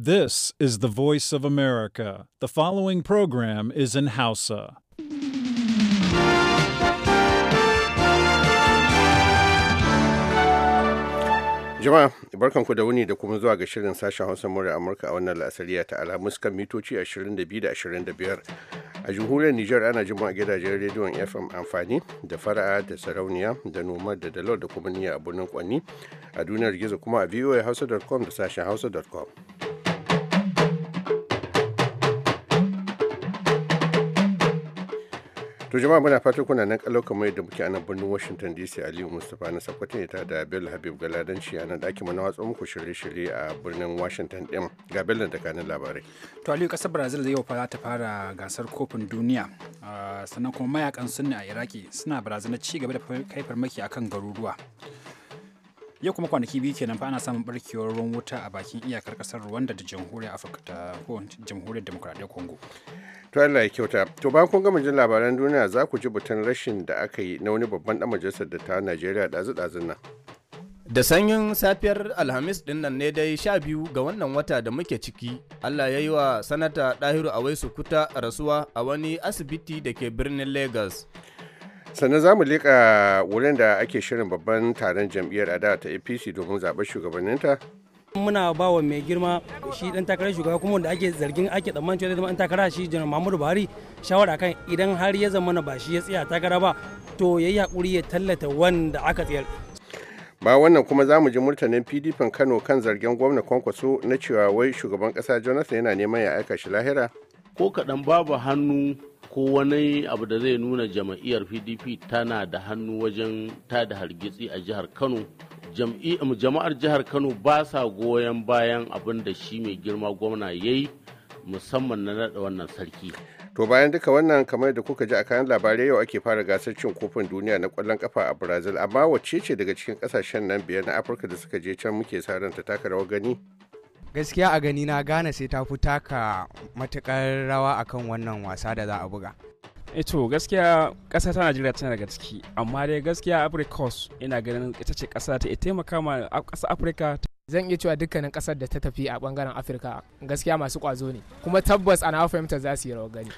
This is the voice of America. The following program is in Hausa. Jama'a, barkanku da wuni da kuma zuwa ga shirin sashen Hausa murya Amurka a wannan la'asariya ta alamus kan mitoci 22 da 25. A jamhuriyar Nijar ana jima a gidajen rediyon FM amfani da fara'a da sarauniya da noma da dalo da kuma niyya a birnin kwanni a duniyar gizo kuma a voahausa.com da sashen hausa.com. to jama'a muna fatan kuna nan kalau kamar da muke anan birnin washington dc aliyu mustapha na sakwata ne ta da bello habib galadanci a nan daki mana watsa muku shirye-shirye a birnin washington ɗin ga bello da kanin labarai to aliyu kasar brazil yau fara ta fara gasar kofin duniya ah, sannan kuma mayakan sunni a iraki suna barazanar ci gaba da kai farmaki akan garuruwa yau kuma kwanaki biyu kenan fa ana samun barkewar ruwan wuta a bakin iyakar kasar Rwanda da jamhuriyar Afirka ta jamhuriyar demokradiyyar Congo to Allah ya kyauta to bayan kun gama jin labaran duniya za ku ji batun rashin da aka yi na wani babban dan majalisar da ta Najeriya dazu dazun nan da sanyin safiyar alhamis din nan ne dai sha biyu ga wannan wata da muke ciki allah ya yi wa sanata dahiru awai kuta rasuwa a wani asibiti da ke birnin lagos sannan za mu leƙa wurin da ake shirin babban taron jam'iyyar da ta apc domin zaɓar shugabanninta muna ba wa mai girma shi dan takarar shugaba kuma wanda ake zargin ake tsammanin cewa zai zama dan takara shi janar muhammadu buhari shawara kan idan har ya zama na ba shi ya tsaya takara ba to yayi hakuri ya tallata wanda aka tsayar ba wannan kuma za mu ji murtanin pdp kano kan zargin gwamna kwankwaso na cewa wai shugaban kasa jonathan yana neman ya aika shi lahira ko kaɗan babu hannu ko wani abu da zai nuna jam'iyyar pdp tana da hannu wajen tada hargitsi a jihar kano jama'ar jihar kano ba sa goyon bayan abin da shi mai girma gwamna ya yi musamman na nada wannan sarki to bayan duka wannan kamar da kuka ji a kayan labarai yau ake fara gasar cin kofin duniya na kwallon kafa a brazil amma wacce daga cikin kasashen nan biyar na afirka da suka je can muke sa ranta ta taka rawar gani gaskiya a gani na gane sai ta fi taka matukar rawa akan wannan wasa da za a buga eto eh gaskiya ƙasa ta najeriya tana daga ciki amma dai gaskiya africos ina ganin ita ce ƙasa ta taimaka ma ƙasa afirka zan iya cewa dukkanin ƙasar da ta tafi a bangaren afirka gaskiya masu ƙwazo ne kuma tabbas ana fahimta za su yi rawa gani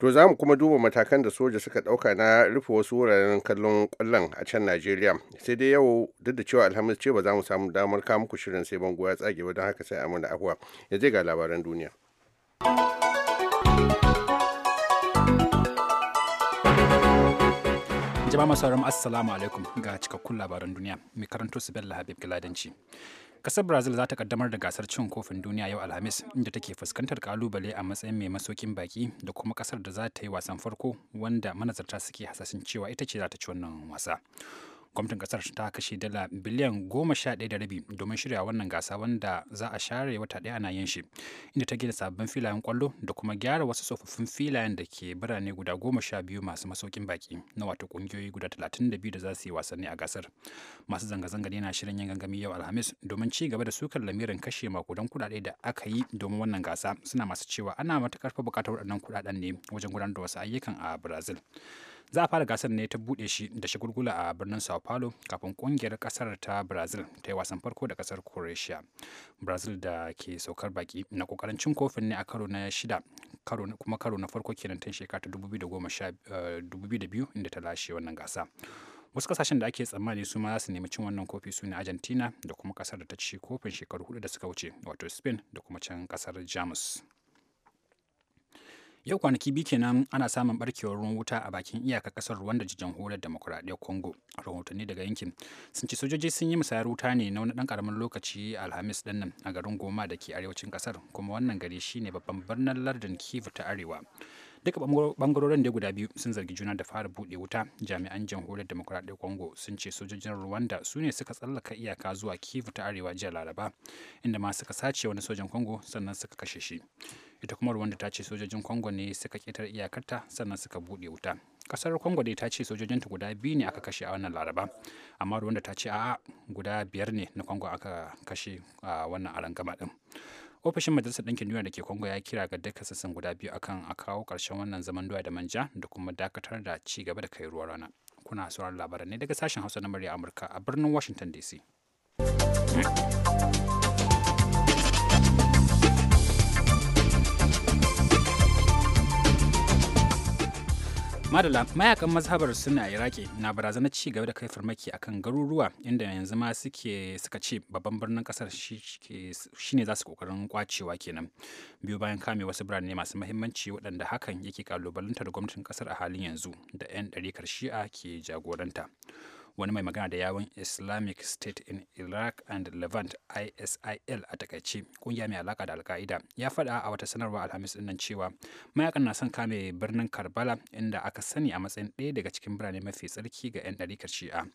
To za mu kuma duba matakan da soja suka dauka na rufe wasu wuraren kallon kwallon a can Najeriya. Sai dai yau duk da cewa Alhamis ce ba za mu samu damar kawo muku shirin sai bango ya tsage ba don haka sai da afuwa ya zai ga labaran duniya. Jama'a masu assalamu alaikum ga cikakkun labaran duniya. Mai karanto su Bello Habib Giladanci. Kasar Brazil za ta kaddamar da gasar cin kofin duniya yau Alhamis inda take fuskantar kalubale a matsayin mai masokin baki da kuma kasar da za ta yi wasan farko wanda manazarta suke hasashen cewa ita ce za ta ci wannan wasa. gwamnatin kasar ta kashe dala biliyan goma sha ɗaya da rabi domin shirya wannan gasa wanda za a share wata ɗaya ana yin shi inda ta gina sabbin filayen kwallo da kuma gyara wasu tsofaffin filayen da ke birane guda goma sha biyu masu masaukin baki na wato ƙungiyoyi guda talatin da biyu da za su yi wasanni a gasar masu zanga-zangar na shirin yin gangami yau alhamis domin ci gaba da sukar lamirin kashe makudan kuɗaɗe da aka yi domin wannan gasa suna masu cewa ana matuƙar fa buƙatar waɗannan kuɗaɗen ne wajen gudanar da wasu ayyukan a brazil za a fara gasar ne ta bude shi da shagulgula a birnin sao paulo kafin kungiyar kasar ta brazil ta yi wasan farko da kasar croatia brazil da ke saukar baki na kokarin cin kofin ne a karo na shida kuma karo na farko kenan tun shekara ta 2012 eh, inda ta lashe wannan gasa wasu kasashen da ake tsammani su ma za su nemi cin wannan kofi su ne argentina da kuma kasar da ta ci kofin shekaru hudu da suka wuce wato spain da kuma can kasar jamus Yau kwanaki biyu kenan ana samun barkewar ruwan wuta a bakin iyakar kasar Rwanda da jamhuriyar demokuraɗiyyar Congo. Rahotanni daga yankin sun ce sojoji sun yi musayar wuta ne na wani ɗan ƙaramin lokaci Alhamis ɗin nan a garin Goma da ke arewacin kasar kuma wannan gari shine babban birnin lardin Kivu ta Arewa. duka bangarorin da guda biyu sun zargi juna da fara buɗe wuta jami'an jamhuriyar demokuraɗiyyar congo sun ce sojojin rwanda su ne suka tsallaka iyaka zuwa kivu ta arewa jiya laraba inda ma suka sace wani sojan congo sannan suka kashe shi ita kuma rwanda ta ce sojojin congo ne suka ketar iyakarta sannan suka buɗe wuta kasar congo dai ta ce sojojinta guda biyu ne aka kashe a wannan laraba amma rwanda ta ce a'a guda biyar ne na congo aka kashe a wannan arangama din ofishin majalisar ɗinkin duniya da ke kongo ya kira ga duka sassan guda biyu akan a kawo ƙarshen wannan zaman doya da manja da kuma dakatar da ci gaba da kai ruwa rana kuna sauran labaran ne daga sashen hausa na murya amurka a birnin washington dc madala mayakan mazhabar suna iraki na barazanar ci gaba da kai farmaki akan garuruwa inda yanzu ma suke suka ce babban birnin kasar shine za su kokarin kwacewa kenan biyu bayan kame wasu birane masu mahimmanci waɗanda hakan yake kalubalantar gwamnatin kasar a halin yanzu da 'yan ɗarikar shi'a ke jagoranta wani mai magana da yawon islamic state in iraq and levant isil a takaici kungiya mai alaka da alka'ida ya faɗa a wata sanarwa alhamis dinnan cewa mayakan na son kame birnin karbala inda aka sani a matsayin ɗaya daga cikin birane mafi tsarki ga 'yan ɗarikar shi'a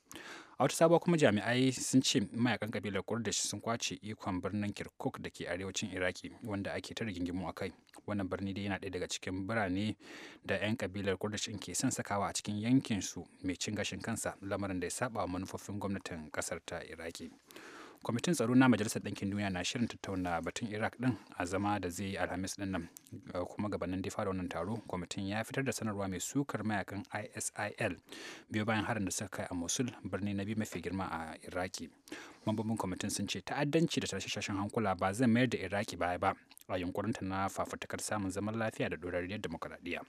a wata sabuwa kuma jami'ai sun ce mayakan kabilar kurdish sun kwace ikon birnin kirkuk da ke arewacin iraki wanda ake ta rigingimu a kai wannan birni dai yana ɗaya daga cikin birane da 'yan kabilar kurdish ke son sakawa a cikin su mai cin gashin kansa lamarin da ya saba manufofin gwamnatin kasar ta iraki kwamitin tsaro na majalisar ɗinkin duniya na shirin tattauna batun iraq ɗin a zama da zai yi alhamis ɗin nan kuma gabanin da fara wannan taro kwamitin ya fitar da sanarwa mai sukar mayakan isil biyu bayan harin da suka kai a mosul birni na biyu mafi girma a iraki mambobin kwamitin sun ce ta'addanci da tashashashen hankula ba zai mayar da iraki baya ba a yunkurinta na fafutukar samun zaman lafiya da dorarriyar demokuraɗiyya.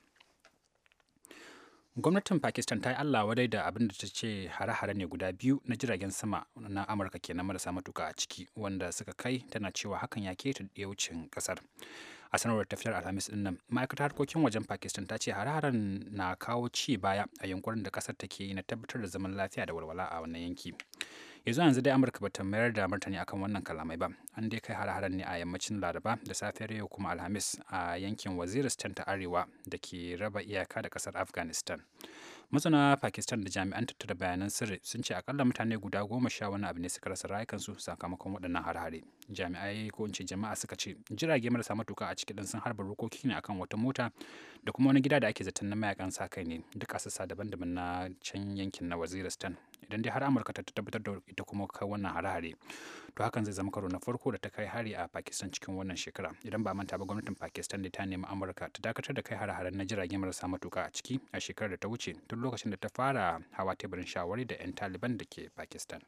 gwamnatin pakistan ta yi allah wadai da abin da ta ce hare-hare ne guda biyu na jiragen sama na amurka kenan marasa matuka a ciki wanda suka kai tana cewa hakan ya keta yaucin kasar a sanarwar tafiyar alhamis din nan ma'aikatar harkokin wajen pakistan ta ce hare-haren na kawo ci baya a yunkurin da kasar take yi na tabbatar da zaman lafiya da walwala a wannan yanki yanzu yanzu dai amurka bata mayar da martani akan wannan kalamai ba an dai kai har-haren ne a yammacin laraba da safiyar yau kuma alhamis a yankin waziristan ta arewa da ke raba iyaka da kasar afghanistan Masana Pakistan da jami'an tattara bayanan sirri sun ce akalla mutane guda goma sha wani abu ne suka rasa rayukansu sakamakon waɗannan har Jami'ai ko in ce jama'a suka ce jirage marasa matuka a ciki ɗin sun harba rukoki ne akan wata mota da kuma wani gida da ake zaton na mayakan sa kai ne duk a sassa daban-daban na can yankin na Waziristan. Idan dai har Amurka ta tabbatar da ita kuma kai wannan har To hakan zai zama karo na farko da ta kai hari a Pakistan cikin wannan shekara. Idan ba manta ba gwamnatin Pakistan da ta nemi Amurka ta dakatar da kai har-haren na jirage marasa matuka a ciki a shekarar da ta wuce tun lokacin da ta fara hawa teburin shawari da 'yan taliban da ke pakistan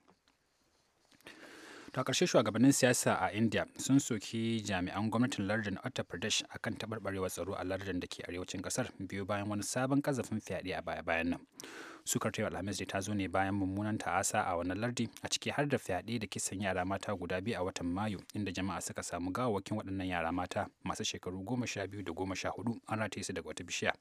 ta ƙarshe shugabannin siyasa a india sun soki jami'an gwamnatin lardin uttar pradesh akan taɓarɓarewar tsaro a lardin da ke arewacin ƙasar biyu bayan wani sabon kazafin fyaɗe a baya-bayan nan sukar ta alhamis ta zo ne bayan mummunan ta'asa a wannan lardi a ciki har da fyaɗe da kisan yara mata guda biyu a watan mayu inda jama'a suka samu gawawakin waɗannan yara mata masu shekaru goma sha biyu da goma sha hudu an rataye su daga wata bishiya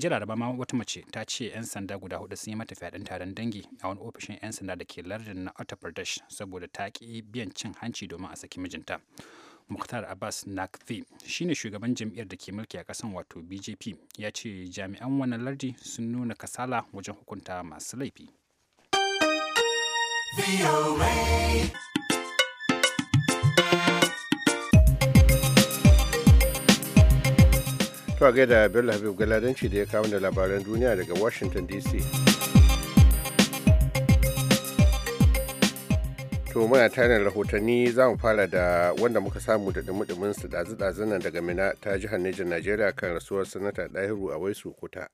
jiya laraba ma wata mace ta ce 'yan sanda guda hudu sun yi mata fyaɗen taron dangi a wani ofishin 'yan sanda da ke lardin na uttar pradesh saboda ta ki biyan cin hanci domin a saki mijinta muktar Abbas Nakfi shine shugaban jam'iyyar da ke mulki a kasan wato BJP ya ce jami'an wannan lardi sun nuna kasala wajen hukunta masu laifi. To a gaida Bello Habib Galadanci da ya kawo da labaran duniya daga Washington DC. To muna da rahotanni za mu fara da wanda muka samu da dumudumin su dazu nan daga Mina ta jihar Nijar nigeria kan rasuwar sanata Dahiru a Waisu Kuta.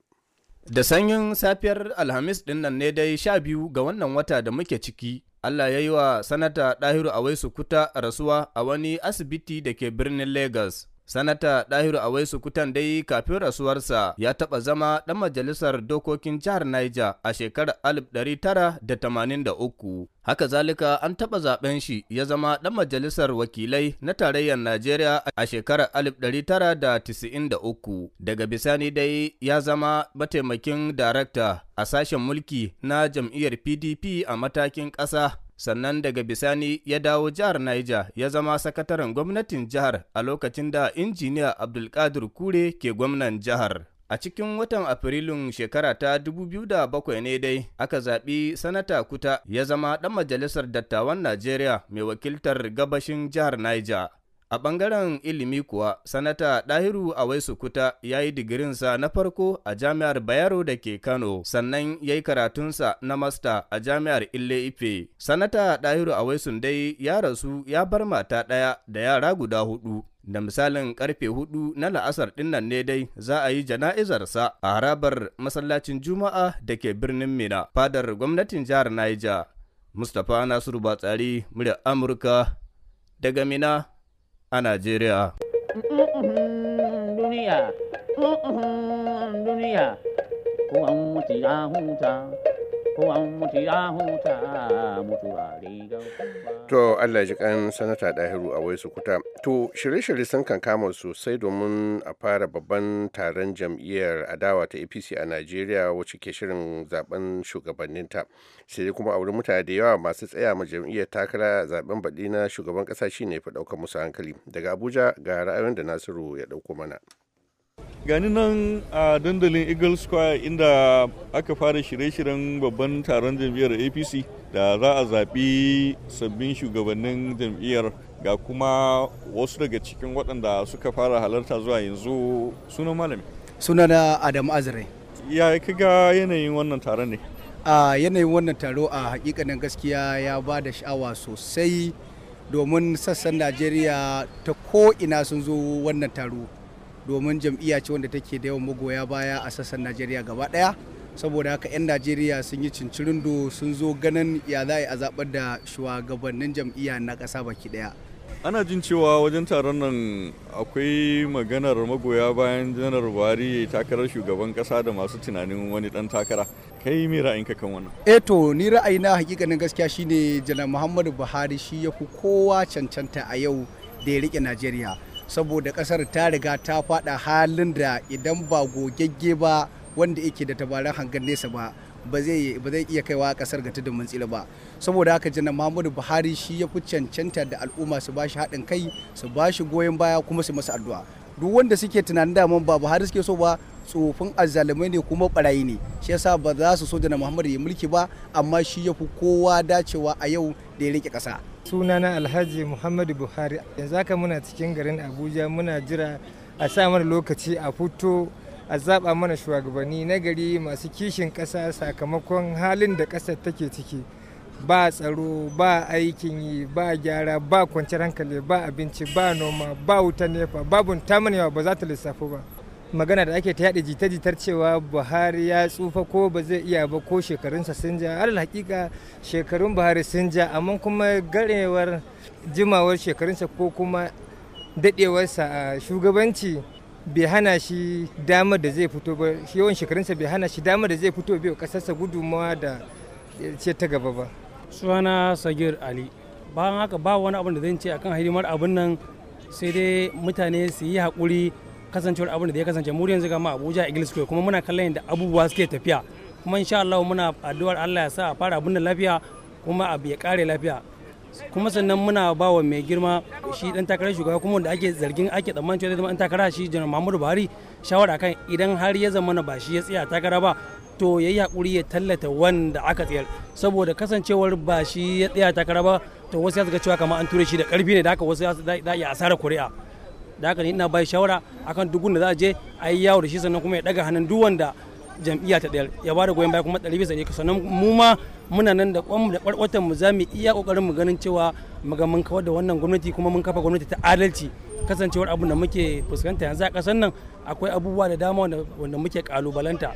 Da sanyin safiyar Alhamis din nan ne dai sha biyu ga wannan wata da muke ciki Allah ya yi wa sanata Dahiru a Waisu Kuta rasuwa a wani asibiti da ke birnin Lagos. Sanata Dahiru Awaisu Kutan dai kafin rasuwarsa ya taɓa zama ɗan majalisar dokokin jihar Niger a shekarar 1983. Haka zalika an taɓa zaben shi ya zama ɗan majalisar wakilai na tarayyar Najeriya a shekarar 1993. Daga bisani dai ya zama mataimakin darakta a sashen mulki na jam'iyyar PDP a matakin ƙasa sannan daga bisani ya dawo jihar Niger ya zama sakataren gwamnatin jihar a lokacin da injiniya Abdulkadir Kure ke gwamnan jihar. A cikin watan Afrilun shekara ta 2007 ne dai aka zaɓi Sanata Kuta ya zama ɗan majalisar dattawan Najeriya mai wakiltar gabashin jihar Niger. A ɓangaren ilimi kuwa, Sanata Ɗahiru Awaisu Kuta ya yi digirinsa na farko a Jami'ar Bayero da ke Kano, sannan ya yi karatunsa na masta a Jami'ar Ile Ife. Sanata Ɗahiru Awaisu dai ya rasu ya bar mata ɗaya da yara guda hudu. Da misalin karfe hudu na la'asar dinnan ne dai za a yi jana'izarsa a harabar masallacin Juma'a da ke birnin Mina, fadar gwamnatin jihar Niger. Mustapha Nasiru Batsari, murya Amurka, daga Mina. a Najeriya. Duniya, duniya, huta. To Allah ji kan sanata ɗahiru a wai sukuta. To shirye-shirye sun kan kama sosai domin a fara babban taron jam'iyyar adawa ta APC a Najeriya wacce ke shirin zaben shugabanninta. Sai kuma a wurin mutane da yawa masu tsaya ma jam'iyyar takara zaben baɗi na shugaban ƙasa shine fi ɗaukar musu hankali. Daga Abuja ga ra'ayoyin da Nasiru ya ɗauko mana. gani nan a dandalin eagle square inda aka fara shirye-shiryen babban taron jam'iyyar apc da za a zaɓi sabbin shugabannin jam'iyyar ga kuma wasu daga cikin waɗanda suka fara halarta zuwa yanzu sunan malami Sunan adam azare ya yi kaga yanayin wannan taron ne a yanayin wannan taro a hakikanin gaskiya ya ba da sha'awa sosai domin sassan najeriya ta ko ina sun zo wannan taro domin jam'iyya ce wanda take da yawan magoya baya a sassan najeriya gaba daya saboda haka 'yan najeriya sun yi cincirindo sun zo ganin ya za a zaɓar da shugabannin jam'iyya na kasa baki daya ana jin cewa wajen taron nan akwai maganar magoya bayan janar buhari takarar shugaban kasa da masu tunanin wani dan takara kai ra'ayin ra'ayinka kan wannan Eto, eh to ni ra'ayina hakikanin gaskiya shine janar muhammadu buhari shi ya fi kowa cancanta a yau da ya rike najeriya saboda kasar ta riga ta fada halin da idan ba gogegge ba wanda yake da tabarar hangar nesa ba ba zai ba zai iya kaiwa kasar ga tudun mun tsira ba saboda haka jina Muhammadu Buhari shi ya fi cancanta da al'umma su bashi haɗin kai su bashi goyon baya kuma su masa addu'a duk wanda suke tunanin daman ba Buhari suke so ba tsofin azzalumai ne kuma barayi ne shi yasa ba za su so janar Muhammadu ya mulki ba amma shi ya fi kowa dacewa a yau da ya rike ƙasa sunana alhaji muhammadu buhari yanzu haka muna cikin garin abuja muna jira a sa mana lokaci a fito a zaba mana shugabanni na gari masu kishin kasa sakamakon halin da kasar take ciki ba tsaro ba aikin yi ba gyara ba kwanciyar hankali ba abinci ba noma ba wuta nefa babu tamanewa ba za ta lissafo ba magana da ake ta yaɗa jita-jitar cewa buhari ya tsufa ko ba zai iya ba ko shekarunsa sun ja alal hakika shekarun buhari sun ja amma kuma garewar jimawar shekarunsa ko kuma daɗewarsa a shugabanci bai hana shi damar da zai fito ba yawan shekarunsa bai hana shi damar da zai fito bai kasarsa gudunmawa da ce ta gaba ba suna sagir ali bayan haka ba wani abin da zan ce akan hidimar abin nan sai dai mutane su yi haƙuri kasancewar abin da ya kasance mu yanzu ga mu Abuja Eagles Square kuma muna kallon yadda abubuwa suke tafiya kuma insha Allah muna addu'ar Allah ya sa a fara abin da lafiya kuma abu ya kare lafiya kuma sannan muna ba wa mai girma shi dan takarar shugaba kuma wanda ake zargin ake tsammanin cewa zai zama dan takara shi janar Muhammadu Buhari shawara kan idan har ya zama ba shi ya tsaya takara ba to ya yi hakuri ya tallata wanda aka tsayar saboda kasancewar ba shi ya tsaya takara ba to wasu ya zaga cewa kamar an ture shi da karfi ne da haka wasu za iya asarar kuri'a da haka ne ina bai shawara akan duk da za a je a yi yawo da shi sannan kuma ya daga hannun duk wanda jam'iyya ta ɗayar ya bada goyon baya kuma ɗari bisa ɗari sannan mu ma muna nan da kwanmu da ɓarɓatan mu za mu iya ƙoƙarin mu ganin cewa mu mun kawar da wannan gwamnati kuma mun kafa gwamnati ta adalci kasancewar abin da muke fuskanta yanzu a ƙasar nan akwai abubuwa da dama wanda muke ƙalubalanta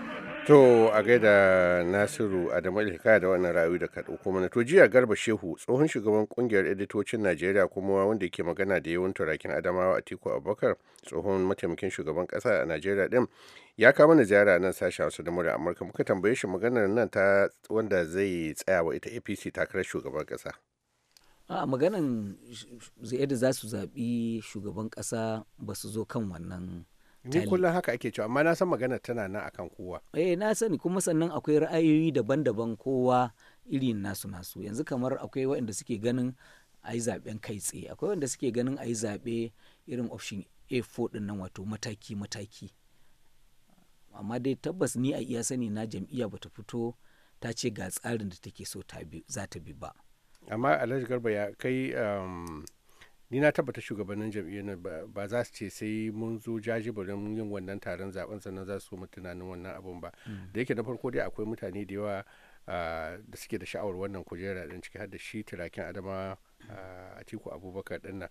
To a gaida Nasiru Adamu Ilhika da wannan rayu da kaɗo kuma na to jiya Garba Shehu tsohon shugaban kungiyar editocin Najeriya kuma wanda yake magana da yawan turakin Adamawa a Atiku Abubakar tsohon mataimakin shugaban kasa a Najeriya ɗin ya kama na ziyara nan sashen Hausa da Murya Amurka muka tambaye shi maganar nan ta wanda zai tsaya wa ita APC takarar shugaban kasa. A maganan yadda za su zaɓi shugaban ƙasa ba su zo kan wannan ni kullum haka ake cewa amma na san magana tana nan akan kowa eh na sani kuma sannan akwai ra'ayoyi daban-daban kowa irin nasu nasu yanzu kamar akwai waɗanda suke ganin a yi zaɓen kai tsaye akwai waɗanda suke ganin a yi zaɓe irin option a4 ɗin nan wato mataki-mataki amma dai tabbas ni a iya sani na jam'iyya bata fito ta ce ga tsarin da take so za ta bi ba amma alhaji garba ya kai um, ni na tabbata shugabannin jam'iyyar ba za su ce sai mun zo jajibirin yin wannan taron zaben sannan za su mu tunanin wannan abun ba mm. da yake na farko dai akwai mutane da yawa ah, da suke da sha'awar wannan kujera din ciki har da shi turakin adama a ah, tiku abubakar din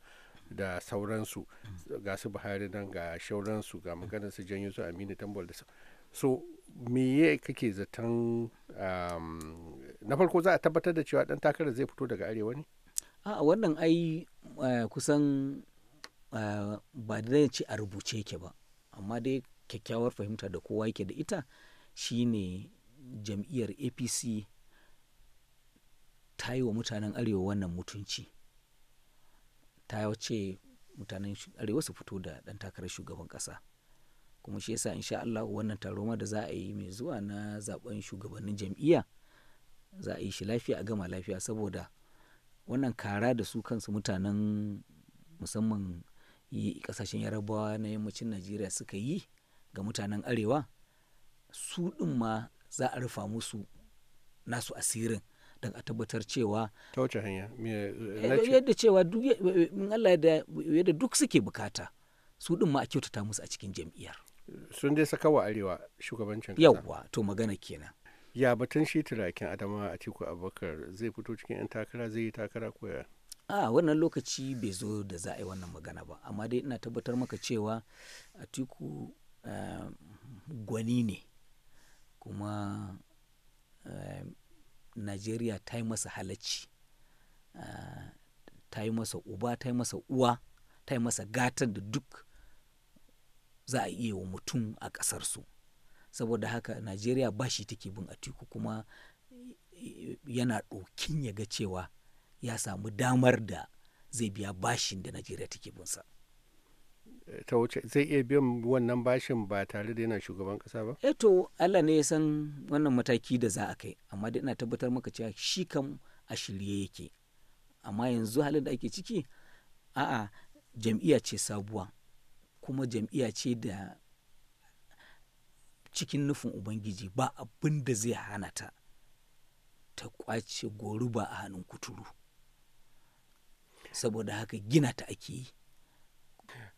da sauransu mm. ga su buhari nan ga shauransu ga maganar su janyo su aminu tambol da so ya kake zaton na farko za a tabbatar da cewa dan takarar zai fito daga arewa ne a wannan ai eh, kusan eh, ba da ce a rubuce yake ba amma dai kyakkyawar fahimta da kowa yake da ita shine jam'iyyar apc ta yi wa mutanen arewa wannan mutunci ta wace mutanen arewa su fito da ɗan takarar shugaban ƙasa kuma shi yasa sha Allah wannan taro ma da za a yi mai zuwa na zaben shugabannin jam'iyya za a yi shi lafiya a gama lafiya saboda wannan kara da su kansu mutanen musamman kasashen yarabawa na yammacin najeriya suka yi ga mutanen arewa su ɗin ma za a rufa musu nasu asirin don a tabbatar cewa ta wace hanya eh, yadda cewa Allah yadda duk suke bukata su ɗin ma a kyautata musu a cikin jam'iyyar sun dai saka wa arewa shugabancin yawwa to magana kenan ya batun shi turakin adama a tiku abubakar zai fito cikin 'yan takara zai yi takara koya a wannan lokaci bai zo da za a yi wannan magana ba amma dai ina tabbatar maka cewa a tiku eh, gwani ne kuma eh, najeriya ta yi masa halacci eh, ta yi masa uba ta yi masa uwa ta yi masa gatar da duk za a iya wa mutum a ƙasarsu. su saboda haka najeriya ba shi take bin atiku kuma yana ɗokin ya ga cewa ya samu damar da zai biya bashin da najeriya take sa. Eh, ta wuce zai iya biyan wannan bashin ba tare da yana shugaban kasa ba eh to allah ne ya san wannan mataki da za a kai amma dai ina tabbatar maka cewa shi kam a shirye yake amma yanzu halin da ake ciki a'a jam'iyya ce sabuwa kuma jam'iyya ce da cikin nufin ubangiji ba abin da zai hana ta ta kwace goruba a hannun kuturu saboda haka gina ta ake yi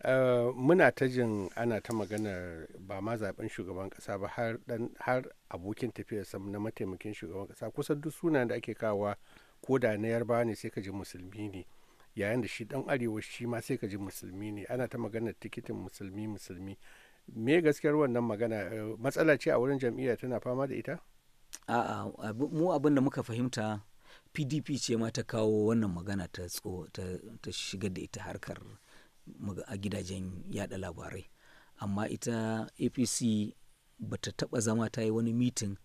Uh, muna ta jin ana ta maganar ba ma zaben shugaban kasa ba har, har abokin tafiya sam na mataimakin shugaban kasa kusan duk suna da ake kawa ko da na yarba ne sai ka ji musulmi ne yayin da shi dan arewa shi ma sai ka ji musulmi ne ana ta magana tikitin musulmi musulmi me gaskiyar wannan magana eh, matsala ce a wurin jam'iyya tana fama da ita a'a mu abin da muka fahimta pdp ce ma ta kawo wannan magana ta shiga da ita harkar a gidajen yada labarai amma ita apc ba ta taba zama ta yi wani mitin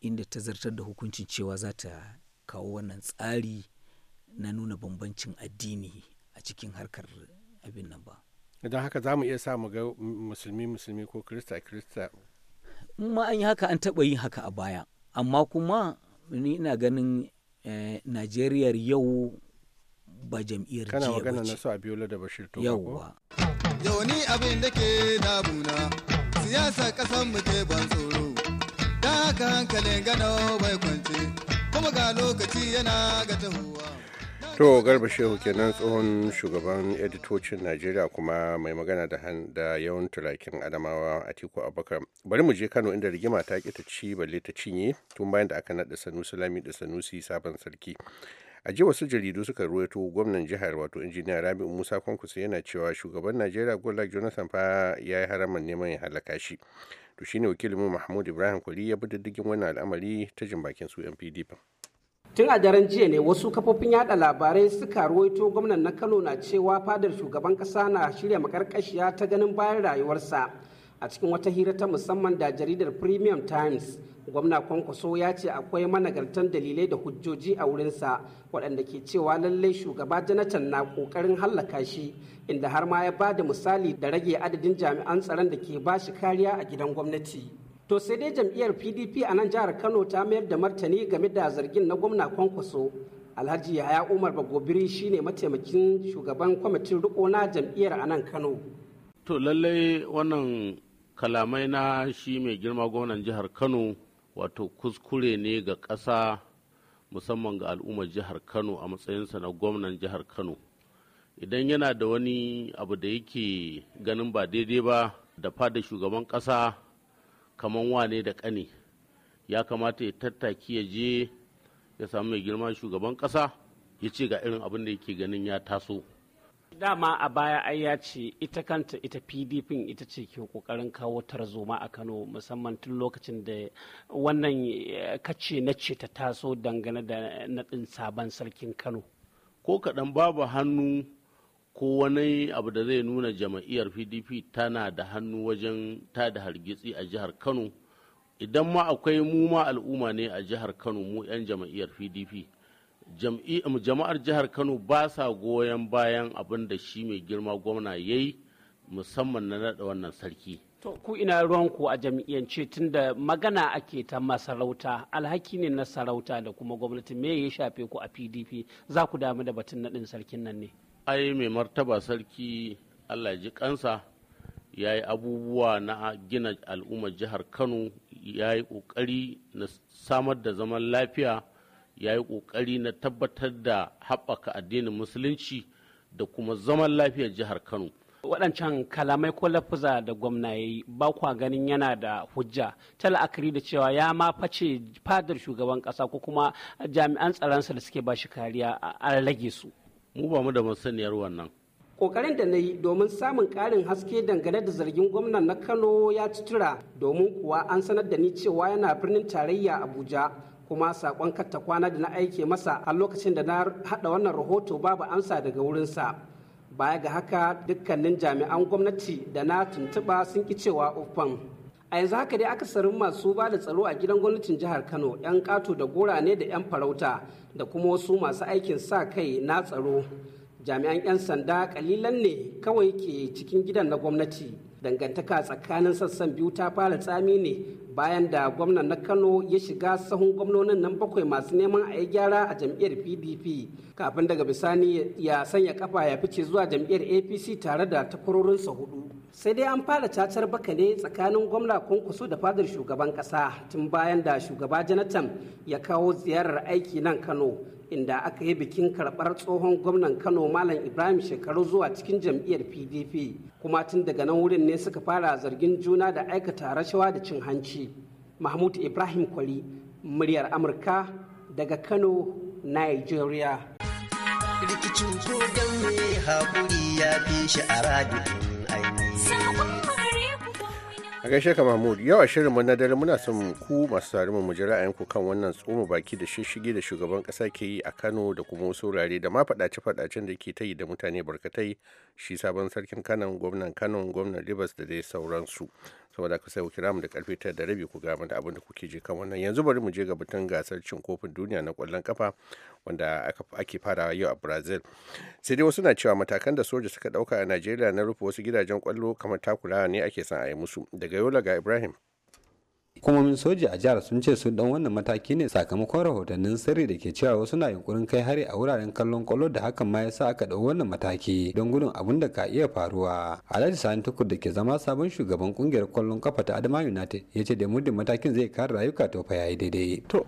inda ta zartar da hukuncin cewa za ta kawo wannan tsari na nuna bambancin addini a cikin harkar abin nan ba don haka za mu iya sa mu ga musulmi musulmi ko krista krista ma an yi haka an taɓa yi haka a baya amma kuma ni ina ganin eh, najeriya yau ba jam'iyyar jiya kana magana na su abiola da bashir to yawwa yau ni abin da ke damuna siyasa kasan mu ke ban tsoro da haka hankalin gano bai kwance kuma ga lokaci yana ga tahowa to garba shehu kenan tsohon shugaban editocin najeriya kuma mai magana da da yawan turakin adamawa a tiku abubakar bari mu je kano inda rigima ta ki ta ci balle ta cinye tun bayan da aka naɗa sanusi lami da sanusi sabon sarki a ji wasu jaridu suka ruwaito gwamnan jihar wato injiniya rabi'u musa kwankwasa yana cewa shugaban najeriya goodluck jonathan fa ya yi haraman neman ya halaka shi to shine wakilinmu mahmud ibrahim kwali ya bi diddigin wannan al'amari ta jin bakin su yan pdp tun a daren jiya ne wasu kafofin yada labarai suka ruwaito gwamnan na kano na cewa fadar shugaban kasa na shirya makarkashiya ta ganin bayan rayuwarsa a cikin wata hira ta musamman da jaridar premium times gwamna kwankwaso ya ce akwai managartan dalilai da hujjoji a wurinsa waɗanda ke cewa lallai shugaba janatan na ƙoƙarin hallaka shi inda har ma ya ba da misali da rage adadin jami'an tsaron da ke ba shi kariya a gidan gwamnati To sai dai jam'iyyar PDP a nan jihar Kano ta mayar da martani game da zargin na gwamna kwankwaso. Alhaji Yahaya Umar Bagobiri shine mataimakin shugaban kwamitin riko na jam'iyyar a nan Kano. To lallai wannan kalamai na shi mai girma gwamnan jihar Kano wato kuskure ne ga ƙasa musamman ga al'ummar jihar Kano a matsayinsa na gwamnan jihar Kano. Idan yana da wani abu da yake ganin ba daidai ba da fada shugaban ƙasa kaman wane da kani ya kamata ya tattaki ya je ya samu mai girma shugaban ƙasa ya ce ga irin abin da yake ganin ya taso dama a baya ai ya ce ita kanta ita pdp ita ce ke kokarin kawo tarzoma a kano musamman tun lokacin da wannan eh, kace na ce ta taso dangane da naɗin sabon sarkin kano ko kaɗan babu hannu ko wani abu da zai nuna jama'iyyar pdp tana da hannu wajen ta da hargitsi a jihar kano idan ma akwai mu ma al'umma ne a jihar kano mu 'yan jama'iyyar pdp jama'ar jihar kano ba sa goyon bayan abin da shi mai girma gwamna ya yi musamman na naɗa wannan sarki To ku ina ruwanku a jam'iyyance da magana ake ta masarauta alhaki ne na sarauta da kuma gwamnati me ya shafe ku a PDP za ku damu da batun naɗin sarkin nan ne. ai mai martaba sarki allah ji kansa ya yi abubuwa na gina al'ummar jihar kano ya yi ƙoƙari na samar da zaman lafiya ya yi ƙoƙari na tabbatar da haɓaka addinin musulunci da kuma zaman lafiyar jihar kano waɗancan kalamai ko lafuza da gwamna ya yi ba kwa ganin yana da hujja ta la'akari da cewa ya ma face fadar shugaban ƙasa ko kuma jami'an tsaronsa da suke ba shi kariya an rage su mu ba mu da masaniyar wannan kokarin da na yi domin samun karin haske dangane da zargin gwamnan na kano ya cutura, domin kuwa an sanar da ni cewa yana birnin tarayya abuja kuma sakon katta kwana da na aike masa a lokacin da na hada wannan rahoto babu amsa daga wurinsa baya ga haka dukkanin jami'an gwamnati da na tuntuba sun ki cewa ofan? a yanzu haka dai aka akasarin masu ba da tsaro a gidan gwamnatin jihar kano 'yan kato da gora ne da 'yan farauta da kuma wasu masu aikin sa kai na tsaro jami'an 'yan sanda kalilan ne kawai ke cikin gidan na gwamnati dangantaka tsakanin sassan biyu ta fara tsami ne bayan da gwamnan na kano ya shiga sahun gwamnonin nan bakwai masu neman a yi gyara a jam'iyyar pdp kafin daga bisani ya sanya kafa ya fice zuwa jam'iyyar apc tare da takwarorinsa hudu sai dai an fara cacar baka ne tsakanin gwamna kwankwaso da fadar shugaban kasa tun bayan da shugaba jonathan ya kawo ziyarar aiki nan kano inda aka yi bikin karɓar tsohon gwamnan kano malam ibrahim shekaru zuwa cikin jam'iyyar pdp kuma tun daga nan wurin ne suka fara zargin juna da aikata rashawa da cin hanci mahmud ibrahim kwari muryar amurka daga kano nigeria rikicin ya fi shi a radio a gaishe ka mahmud yau a shirinmu na dare muna son ku masu tare mu ji ra'ayinku kan wannan tsoma baki da shishige da shugaban kasa ke yi a kano da kuma wasu wurare da ma faɗace faɗacen da ke ta yi da mutane barkatai shi sabon sarkin kano gwamnan kano gwamnan rivers da dai sauransu saboda ka sai ku kira mu da karfe ta da rabi ku ga da abin da kuke je kan wannan yanzu bari mu je ga batun gasar cin kofin duniya na kwallon kafa wanda ake farawa yau a brazil sai dai wasu na cewa matakan da soja suka dauka a najeriya na rufe wasu gidajen kwallo kamar takura ne ake son a yi musu daga yola ga ibrahim hukumomin soji a jihar sun ce sun dan wannan mataki ne sakamakon rahotannin sirri da ke cewa wasu na yunkurin kai hari a wuraren kallon kwallo da hakan ma yasa aka dau wannan mataki don gudun abun da ka iya faruwa alhaji sani tukur da ke zama sabon shugaban kungiyar kwallon kafa ta adama united ya ce da muddin matakin zai kare rayuka to fa yayi daidai to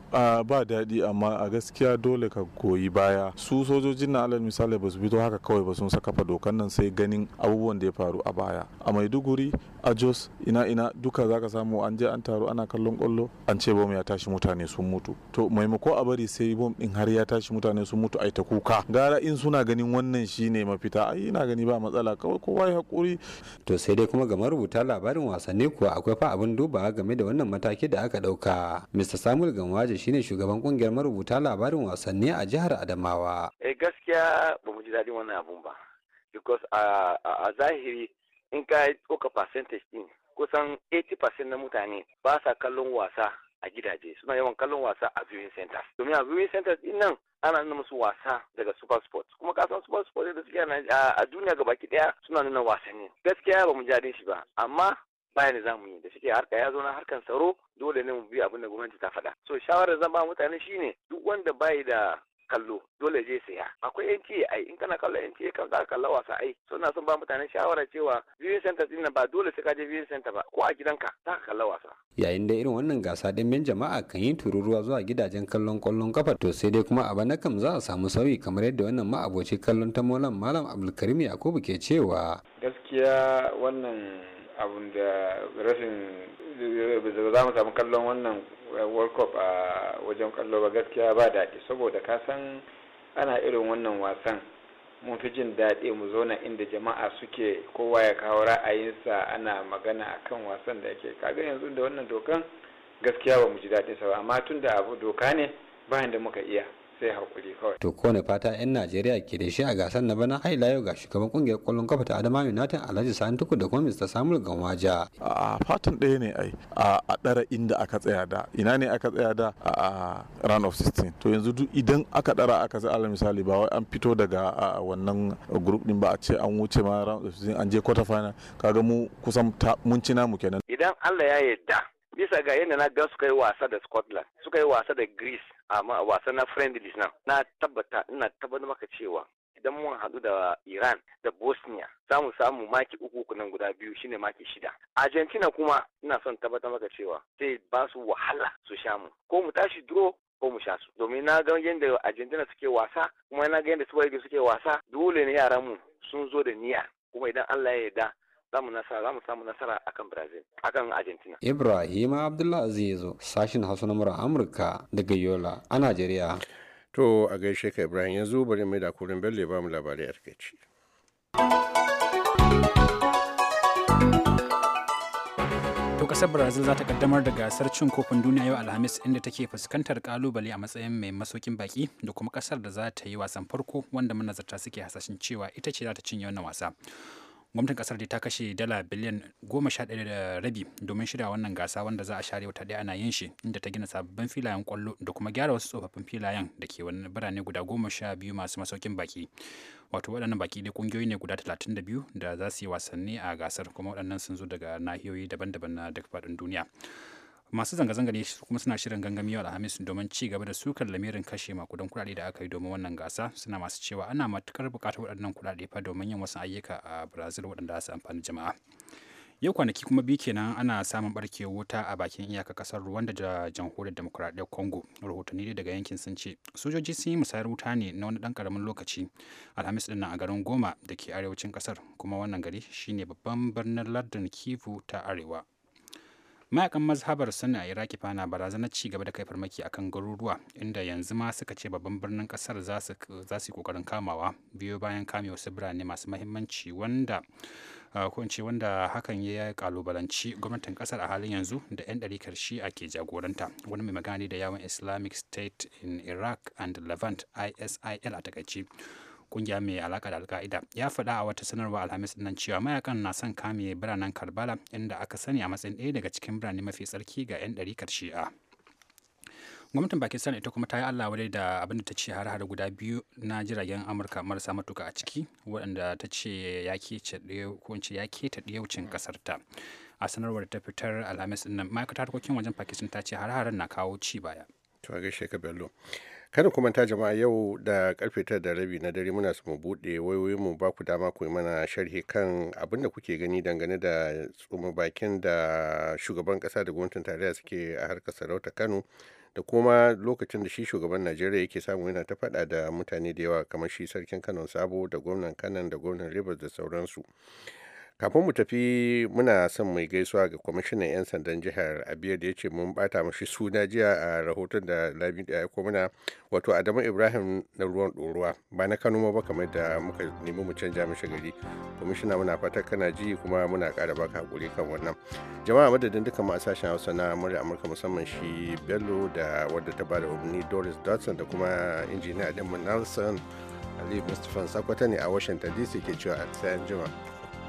ba daɗi amma a gaskiya dole ka koyi baya su sojojin na alal misali ba su fito haka kawai ba sun saka fa dokan nan sai ganin abubuwan da ya faru a baya a maiduguri a jos ina ina duka zaka samu an je an taro ana ana kallon kwallo an ce bom ya tashi mutane sun mutu to maimako a bari sai bom din har ya tashi mutane sun mutu ai ta kuka gara in suna ganin wannan shine mafita ai ina gani ba matsala kawai kowa ya hakuri to sai dai kuma ga marubuta labarin wasanni kuwa akwai fa abin duba game da wannan mataki da aka dauka Mr Samuel Gamwaje shine shugaban kungiyar marubuta labarin wasanni a jihar Adamawa eh gaskiya ba mu ji dadin wannan abun ba because a zahiri in ka ɗauka percentage din kusan 80% na mutane ba sa kallon wasa a gidaje suna yawan kallon wasa a viewing centers domin a viewing centers din nan ana nuna musu wasa daga super sports kuma kasan super sports da suke a duniya ga baki daya suna nuna wasanni gaskiya ba mu jadin shi ba amma bayan za mu yi da suke harka ya zo na harkan tsaro dole ne mu bi abin da gwamnati ta faɗa so shawarar zan ba mutane shine duk wanda bai da kallo dole je saya akwai NTA ai in kana kallo NTA kan za kalla wasa ai suna son ba mutanen shawara cewa viewing center din ba dole sai ka je viewing center ba ko a gidanka za ka kalla wasa yayin da irin wannan gasa min jama'a kan yi tururuwa zuwa gidajen kallon kwallon kafa to sai dai kuma a bana kam za a samu sauyi kamar yadda wannan ma'aboci kallon ta malam malam abdulkarim yakubu ke cewa gaskiya wannan abun da rashin za mu samu kallon wannan world cup a wajen kallo ba gaskiya ba daɗi saboda ka san ana irin wannan wasan mun fi jin daɗi mu zauna inda jama'a suke kowa ya kawo ra'ayinsa ana magana akan wasan da yake kaga yanzu da wannan dokan gaskiya ba mu ji daɗinsa ba amma tun da abu doka ne bayan da muka iya sai hakuri kawai. To kone fata 'yan Najeriya ke da shi a gasar na bana haila yau ga shugaban kungiyar ƙwallon kafa ta Adama United Alhaji Sani Tukur da kuma Mr. Samuel gamaja A fatan ɗaya ne ai a ɗara inda aka tsaya da ina ne aka tsaya da a round of 16 to yanzu duk idan aka ɗara aka tsaya alal misali ba wai an fito daga wannan group din ba a ce an wuce ma round of 16 an je quarter final kaga mu kusan mun ci namu kenan. Idan Allah ya yarda bisa ga yadda na ga suka yi wasa da Scotland suka yi wasa da Greece amma wasa na friendly nan na tabbata ina tabbatar maka cewa idan mun haɗu da Iran da Bosnia za samu maki uku nan guda biyu shine maki shida. Argentina kuma ina son tabbatar maka cewa sai ba su wahala su sha mu ko mu tashi duro ko mu sha su domin na ga yadda Argentina suke wasa kuma na ga yadda suke wasa dole ne yaran mu sun zo da niyya kuma idan Allah ya yarda zamu nasara zamu samu nasara akan Brazil akan Argentina Ibrahim abdullahi Azizu sashin Hausa na Amurka daga Yola a Najeriya to a gaishe ka Ibrahim yanzu bari mai da kurin Bello ba mu labarai a takaici To kasar Brazil za ta kaddamar da gasar cin kofin duniya yau Alhamis inda take fuskantar kalubale a matsayin mai masaukin baki da kuma kasar da za ta yi wasan farko wanda manazarta suke hasashen cewa ita ce za ta cinye wannan wasa. gwamnatin kasar da ta kashe dala biliyan goma sha ɗaya da rabi domin shirya wannan gasa wanda za a share wata ɗaya ana yin shi inda ta gina sababbin filayen kwallo da kuma gyara wasu tsofaffin filayen da ke wani birane guda goma sha biyu masu masaukin baki wato waɗannan baki dai kungiyoyi ne guda talatin da biyu da za su yi wasanni a gasar kuma waɗannan sun zo daga nahiyoyi daban-daban na duk faɗin duniya masu zanga-zanga ne kuma suna shirin gangami yau alhamis domin ci gaba da sukar lamirin kashe makudan kuɗaɗe da aka yi domin wannan gasa suna masu cewa ana matukar buƙatar waɗannan kuɗaɗe fa domin yin wasu ayyuka a brazil waɗanda su amfani jama'a yau kwanaki kuma biyu kenan ana samun barke wuta a bakin iyaka kasar ruwanda da jamhuriyar demokuraɗiyyar congo rahotanni daga yankin sun ce sojoji sun yi musayar wuta ne na wani dan karamin lokaci alhamis dinnan a garin goma da ke arewacin kasar kuma wannan gari shine babban birnin lardin kivu ta arewa mayakan mazhabar suna iraki fana barazana ci gaba da kai farmaki akan garuruwa inda yanzu ma suka ce babban birnin kasar za su yi kokarin kamawa biyo bayan kame wasu birane masu mahimmanci wanda ko ce wanda hakan ya kalubalanci gwamnatin kasar a halin yanzu da 'yan ɗarikar shi'a ake jagoranta wani mai magani da yawon islamic state in iraq and levant isil a takaici kungiya mai alaka da alka'ida ya faɗa a wata sanarwa alhamis nan cewa mayakan na son kame biranen karbala inda aka sani a matsayin ɗaya daga cikin birane mafi tsarki ga 'yan ɗarikar shi'a gwamnatin pakistan ita kuma ta yi allah wadai da abin da ta ce har har guda biyu na jiragen amurka marasa matuka a ciki waɗanda ta ce ya keta ɗiyaucin ƙasar ta a sanarwar ta fitar alhamis nan ma'aikatar harkokin wajen pakistan ta ce har har na kawo ci baya to a gaishe ka bello kada kuma ta jama'a yau da karfe tara da rabi na dare muna su mu buɗe mu ba ku dama ku yi mana sharhi kan abin da kuke gani dangane da tsoma bakin da shugaban kasa da gwamnatin tarayya suke a harkar sarauta kano da kuma lokacin da shi shugaban najeriya yake samu yana ta faɗa da mutane da yawa kamar shi sarkin kano sabo da gwamnan kanan da gwamnan rivers da sauransu kafin mu tafi muna son mai gaisuwa ga kwamishinan 'yan sandan jihar abiyar da ya ce mun bata mashi suna jiya a rahoton da labi da aiko muna wato adamu ibrahim na ruwan ɗoruwa ba na kano ba kamar da muka nemi mu canja mashi gari kwamishina muna fata kana ji kuma muna ƙara baka hakuri kan wannan jama'a madadin duka masu sashen hausa na murya amurka musamman shi bello da wadda ta bada umarni doris dodson da kuma injiniya adamu nelson ali mustapha sakwata ne a washington dc ke cewa a tsayin jima'a